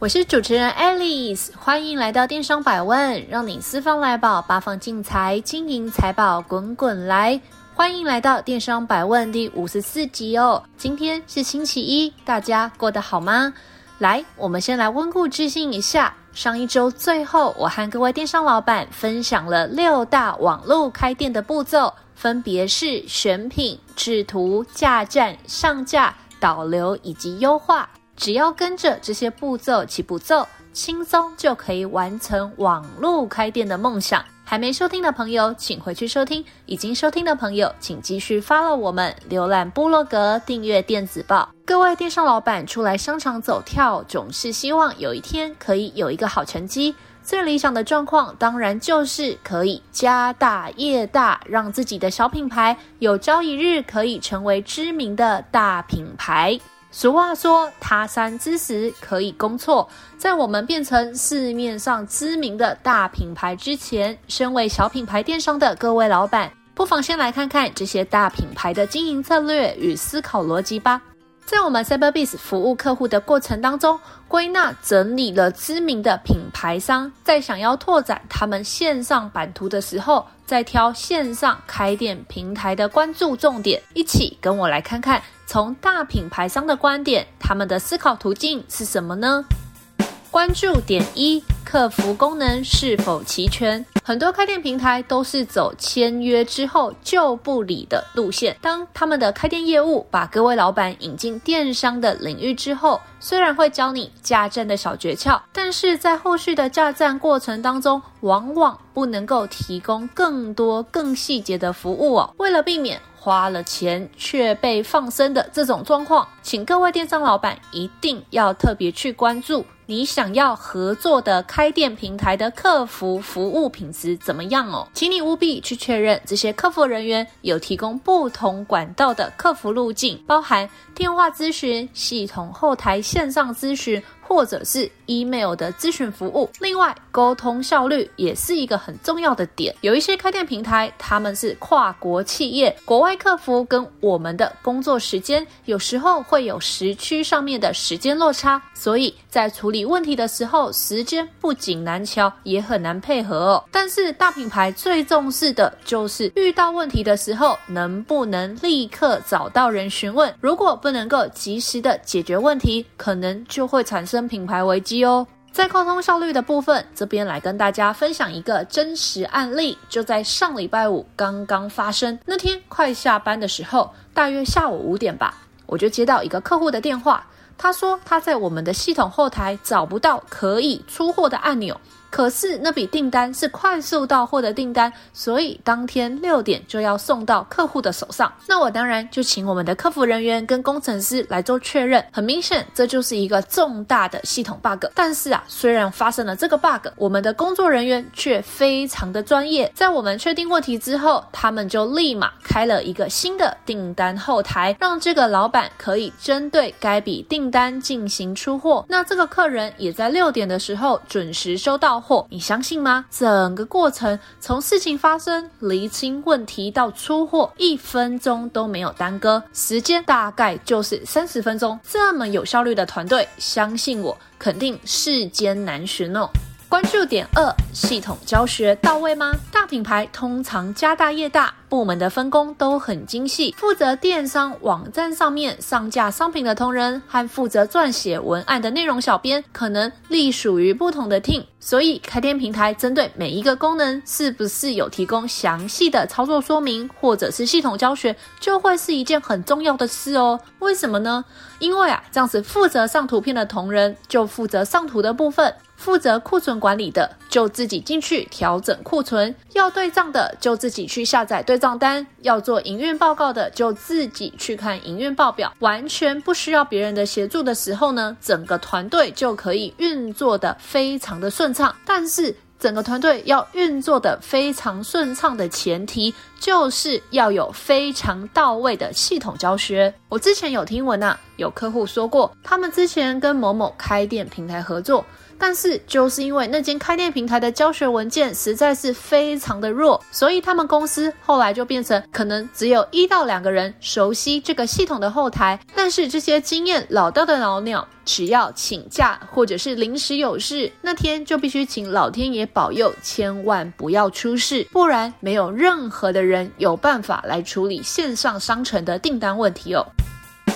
我是主持人 Alice，歡迎來到電商百問，讓你四方來寶，八方進財，金銀財寶滾滾來。歡迎來到電商百問第五十四集哦。今天是星期一，大家過得好嗎？來，我們先來溫故知新一下。上一周最後，我和各位電商老闆分享了六大網絡開店的步驟，分別是選品、製圖、架站、上架、導流以及優化。只要跟着這些步驟，起步驟，輕鬆就可以完成網絡開店的夢想。還沒收聽的朋友，請回去收聽；已經收聽的朋友，請繼續 follow 我們瀏覽部落格、訂閱電子報。各位電商老闆出來商場走跳，總是希望有一天可以有一個好成績。最理想的狀況，當然就是可以家大業大，讓自己的小品牌有朝一日可以成為知名的大品牌。俗話說：“他山之石，可以攻錯。”在我們變成市面上知名的大品牌之前，身為小品牌電商的各位老闆，不妨先來看看這些大品牌的經營策略與思考邏輯吧。在我們 Cyberbiz 服務客戶的過程當中，歸納整理了知名的品牌商在想要拓展他們線上版圖的時候，再挑線上開店平台的關注重點。一起跟我來看看，從大品牌商的觀點，他們的思考途徑是什麼呢？關注點一：客服功能是否齊全。很多開店平台都是走簽約之後就不理的路線。當他們的開店業務把各位老闆引進電商的領域之後，雖然會教你架站的小訣竅，但是在後續的架站過程當中，往往不能夠提供更多更細節的服務哦。為了避免花了錢卻被放生的這種狀況，請各位電商老闆一定要特別去關注。你想要合作的開店平台的客服服務品質怎麼樣哦？請你務必去確認這些客服人員有提供不同管道的客服路徑，包含電話諮詢、系統後台線上諮詢，或者是 email 的諮詢服務。另外，溝通效率也是一個很重要的點。有一些開店平台，他們是跨國企業，國外客服跟我們的工作時間有時候會有時區上面的時間落差，所以在處理。問題的時候，時間不僅難敲，也很難配合哦。但是大品牌最重視的就是遇到問題的時候，能不能立刻找到人詢問。如果不能夠及時的解決問題，可能就會產生品牌危機哦。在溝通效率的部分，這邊來跟大家分享一個真實案例，就在上禮拜五剛剛發生。那天快下班的時候，大約下午五點吧，我就接到一個客戶的電話。他說他在我們的系統後台找不到可以出貨的按鈕。可是那筆訂單是快速到貨的訂單，所以當天六點就要送到客戶的手上。那我當然就請我們的客服人員跟工程師來做確認。很明顯，這就是一個重大的系統 bug。但是啊，雖然發生了這個 bug，我們的工作人員卻非常的專業。在我們確定問題之後，他們就立馬開了一個新的訂單後台，讓這個老闆可以針對該筆訂單進行出貨。那這個客人也在六點的時候準時收到。貨，你相信嗎？整個過程從事情發生、釐清問題到出貨，一分鐘都沒有耽擱，時間大概就是三十分鐘。這麼有效率的團隊，相信我，肯定世間難尋哦。關注點二：系統教學到位嗎？大品牌通常家大業大，部門的分工都很精細。負責電商網站上面上架商品的同仁，和負責撰寫文案的內容小編，可能隸屬於不同的 team。所以，開店平台針對每一個功能，是不是有提供詳細的操作說明，或者是系統教學，就會是一件很重要的事哦。為什麼呢？因為啊，這樣子負責上圖片的同仁，就負責上圖的部分。負責庫存管理的就自己進去調整庫存，要對賬的就自己去下載對賬單，要做營運報告的就自己去看營運報表。完全不需要別人的協助的時候呢，整個團隊就可以運作得非常的順暢。但是整個團隊要運作得非常順暢的前提，就是要有非常到位的系統教學。我之前有聽聞啊，有客戶說過，他們之前跟某某開店平台合作。但是就是因為那間開店平台的教學文件實在是非常的弱，所以他們公司後來就變成可能只有一到兩個人熟悉這個系統的後台。但是這些經驗老到的老鳥，只要請假或者是臨時有事，那天就必須請老天爺保佑，千萬不要出事，不然沒有任何的人有辦法來處理線上商城的訂單問題哦。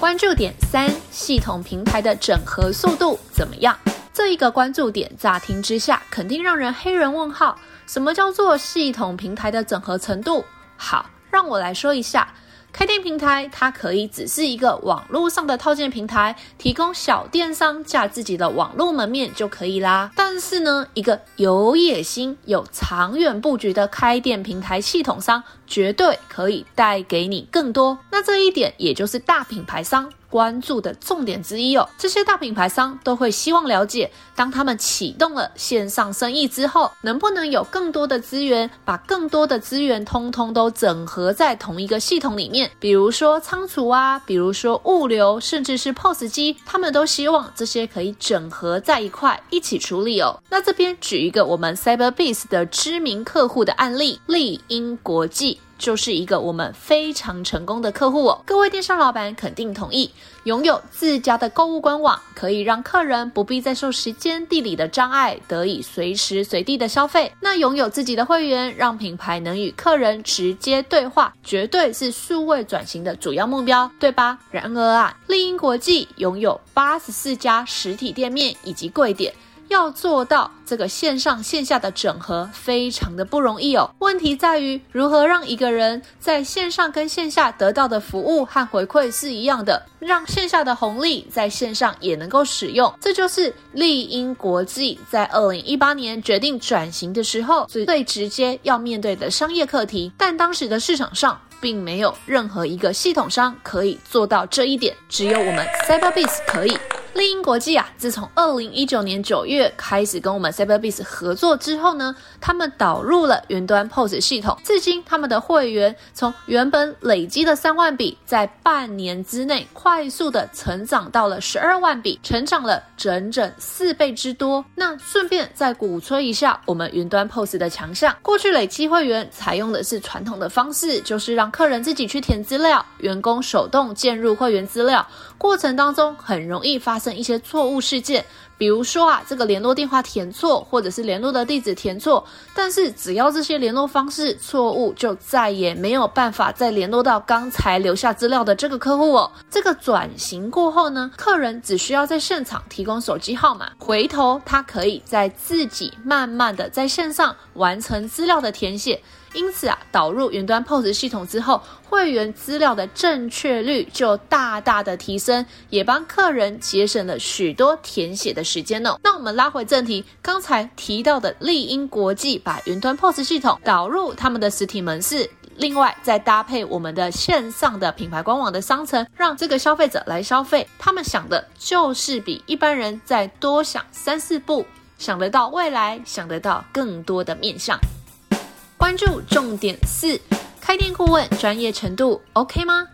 關注點三：系統平台的整合速度怎麼樣？這一個關注點，乍聽之下肯定讓人黑人問號。什麼叫做系統平台的整合程度？好，讓我來說一下，開店平台它可以只是一個網絡上的套件平台，提供小電商架自己的網絡門面就可以啦。但是呢，一個有野心、有長遠布局的開店平台系統商，絕對可以帶給你更多。那這一點，也就是大品牌商。關注的重點之一哦，這些大品牌商都會希望了解，當他們啟動了線上生意之後，能不能有更多的資源，把更多的資源通通都整合在同一個系統裡面，比如說倉儲啊，比如說物流，甚至是 POS 機，他們都希望這些可以整合在一塊一起處理哦。那這邊舉一個我們 Cyberbiz 的知名客戶的案例——利英國際。就是一個我們非常成功的客戶哦，各位電商老闆肯定同意，擁有自家的購物官網可以讓客人不必再受時間、地理的障礙，得以隨時隨地的消費。那擁有自己的會員，讓品牌能與客人直接對話，絕對是數位轉型的主要目標，對吧？然而啊，麗嬰國際擁有八十四家實體店面以及櫃點。要做到這個線上線下的整合，非常的不容易哦。問題在於如何讓一個人在線上跟線下得到的服務和回饋是一樣的，讓線下的紅利在線上也能夠使用，這就是麗嬰國際在二零一八年決定轉型的時候最直接要面對的商業課題。但當時的市場上並沒有任何一個系統商可以做到這一點，只有我們 CYBERBIZ 可以。麗嬰國際啊，自從二零一九年九月開始跟我們 CYBERBIZ 合作之後呢，他們導入了雲端 POS 系統，至今他們的會員從原本累積的三萬筆，在半年之內快速的成長到了十二萬筆，成長了整整四倍之多。那順便再鼓吹一下我們雲端 POS 的強項，過去累積會員採用的是傳統的方式，就是讓客人自己去填資料，員工手動鍵入會員資料，過程當中很容易發。發生一些錯誤事件，比如說啊，這個聯絡電話填錯，或者是聯絡的地址填錯。但是只要這些聯絡方式錯誤，就再也沒有辦法再聯絡到剛才留下資料的這個客戶哦。這個轉型過後呢，客人只需要在現場提供手機號碼，回頭他可以在自己慢慢的在線上完成資料的填寫。因此啊，導入雲端 POS 系統之後，會員資料的正確率就大大的提升，也幫客人節省了許多填寫的時間呢、哦。那我們拉回正題，剛才提到的利英國際把雲端 POS 系統導入他們的實體門市，另外再搭配我們的線上的品牌官網的商城，讓這個消費者來消費，他們想的就是比一般人再多想三四步，想得到未來，想得到更多的面向。關注重點四：開店顧問專業程度 OK 嗎？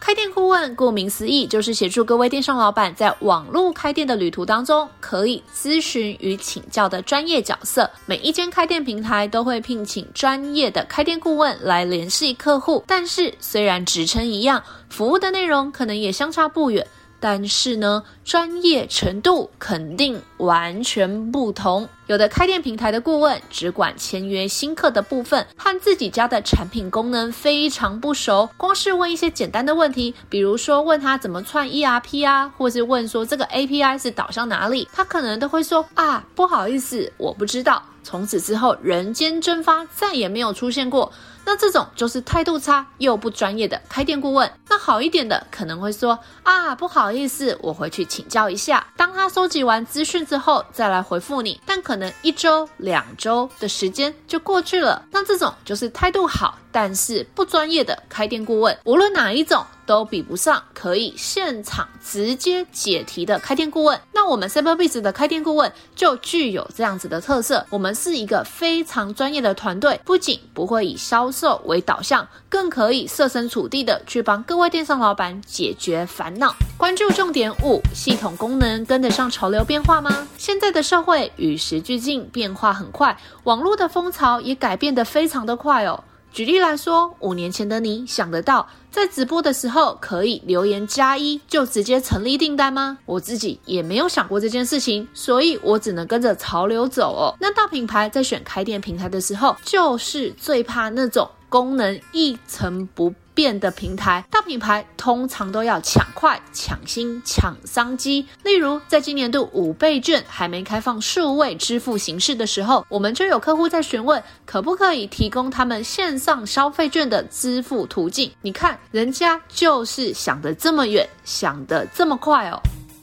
開店顧問顧名思義，就是協助各位電商老闆在網絡開店的旅途當中，可以諮詢與請教的專業角色。每一間開店平台都會聘請專業的開店顧問來聯繫客戶，但是雖然職稱一樣，服務的內容可能也相差不遠。但是呢，專業程度肯定完全不同。有的開店平台的顧問只管簽約新客的部分，和自己家的產品功能非常不熟。光是問一些簡單的問題，比如說問他怎麼串 ERP 啊，或是問說這個 API 是導向哪裡，他可能都會說啊，不好意思，我不知道。從此之後，人間蒸發，再也沒有出現過。那這種就是態度差又不專業的開店顧問。那好一點的可能會說啊，不好意思，我回去請教一下。當他收集完資訊之後再來回復你，但可能一周、兩周的時間就過去了。那這種就是態度好但是不專業的開店顧問。無論哪一種。都比不上可以現場直接解題的開店顧問。那我們 Cyberbiz 的開店顧問就具有這樣子的特色。我們是一個非常專業的團隊，不僅不會以銷售為導向，更可以設身處地的去幫各位電商老板解決煩惱。關注重點五：系統功能跟得上潮流變化嗎？現在的社會與時俱進，變化很快，網絡的風潮也改變得非常的快哦。舉例來說，五年前的你想得到在直播的時候可以留言加一就直接成立訂單嗎？我自己也沒有想過這件事情，所以我只能跟着潮流走哦。那大品牌在選開店平台的時候，就是最怕那種功能一成不變的平台，大品牌通常都要搶快、搶新、搶商機。例如，在今年度五倍券還沒開放數位支付形式的時候，我們就有客戶在詢問可不可以提供他們線上消費券的支付途徑。你看，人家就是想得這麼遠，想得這麼快哦。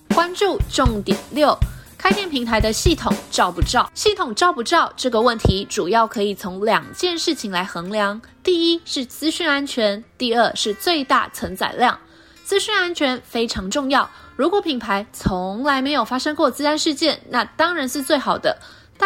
關注重點六，開店平台的系統罩不罩？系統罩不罩這個問題，主要可以從兩件事情來衡量：第一是資訊安全，第二是最大承載量。資訊安全非常重要，如果品牌從來沒有發生過資安事件，那當然是最好的。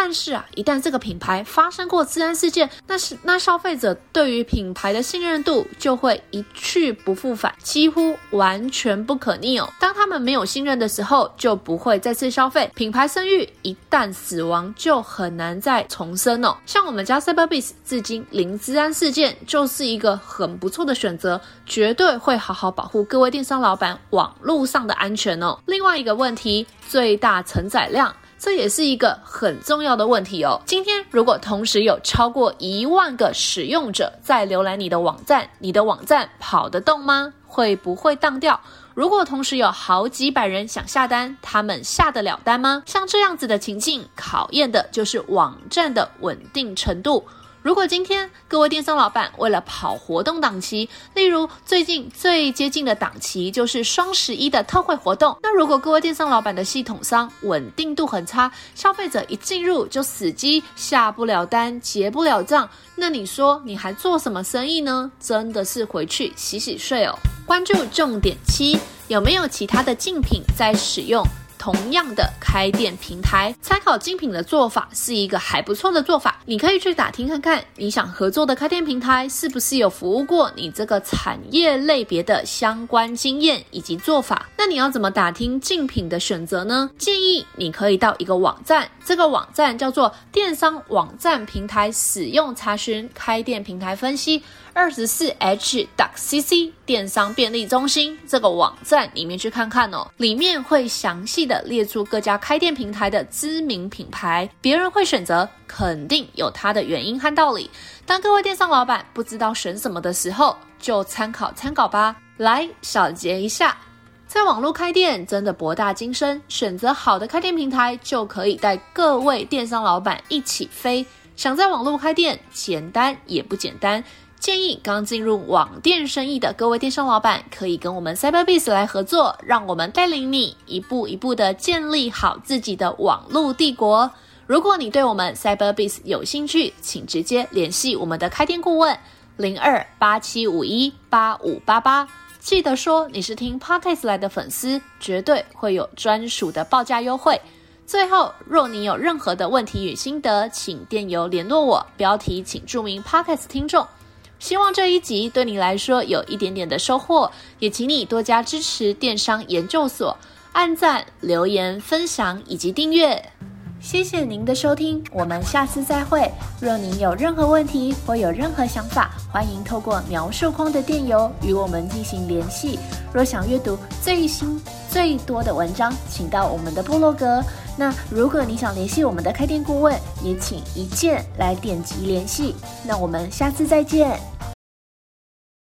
但是啊，一旦這個品牌發生過資安事件，那是那消費者對於品牌的信任度就會一去不復返，幾乎完全不可逆哦。當他們沒有信任的時候，就不會再次消費。品牌聲譽一旦死亡，就很難再重生哦。像我們家 CYBERBIZ 至今零資安事件，就是一個很不錯的選擇，絕對會好好保護各位電商老闆網絡上的安全哦。另外一個問題，最大承載量。這也是一個很重要的問題哦。今天如果同時有超過一萬個使用者在瀏覽你的網站，你的網站跑得動嗎？會不會當掉？如果同時有好幾百人想下單，他們下得了單嗎？像這樣子的情境，考驗的就是網站的穩定程度。如果今天各位電商老闆為了跑活動檔期，例如最近最接近的檔期就是雙十一的特惠活動，那如果各位電商老闆的系統商穩定度很差，消費者一進入就死機，下不了單，結不了賬，那你說你還做什麼生意呢？真的是回去洗洗睡哦。關注重點七，有沒有其他的競品在使用？同樣的開店平台，參考競品的做法是一個還不錯的做法。你可以去打聽看看，你想合作的開店平台是不是有服務過你這個產業類別的相關經驗以及做法。那你要怎麼打聽競品的選擇呢？建議你可以到一個網站，這個網站叫做電商網站平台使用查詢開店平台分析。24h.cc 電商便利中心這個網站裡面去看看哦，裡面會詳細地列出各家開店平台的知名品牌，別人會選擇，肯定有他的原因和道理。當各位電商老板不知道選什麼的時候，就參考參考吧。來小結一下，在網絡開店真的博大精深，選擇好的開店平台就可以帶各位電商老板一起飛。想在網絡開店，簡單也不簡單。建議剛進入網店生意的各位電商老板，可以跟我們 Cyberbiz 來合作，讓我們帶領你一步一步的建立好自己的網絡帝國。如果你對我們 Cyberbiz 有興趣，請直接聯繫我們的開店顧問零二八七五一八五八八，記得說你是聽 Podcast 來的粉絲，絕對會有專屬的報價優惠。最後，若你有任何的問題與心得，請電郵聯絡我，標題請注明 Podcast 聽眾。希望這一集對你來說有一點點的收穫，也請你多加支持電商研究所，按讚、留言、分享以及訂閱。謝謝您的收聽，我們下次再會。若您有任何問題或有任何想法，歡迎透過描述框的電郵與我們進行聯繫。若想閱讀最新最多的文章，請到我們的部落格。那如果你想聯繫我們的開店顧問，也請一鍵來點擊聯繫。那我們下次再見。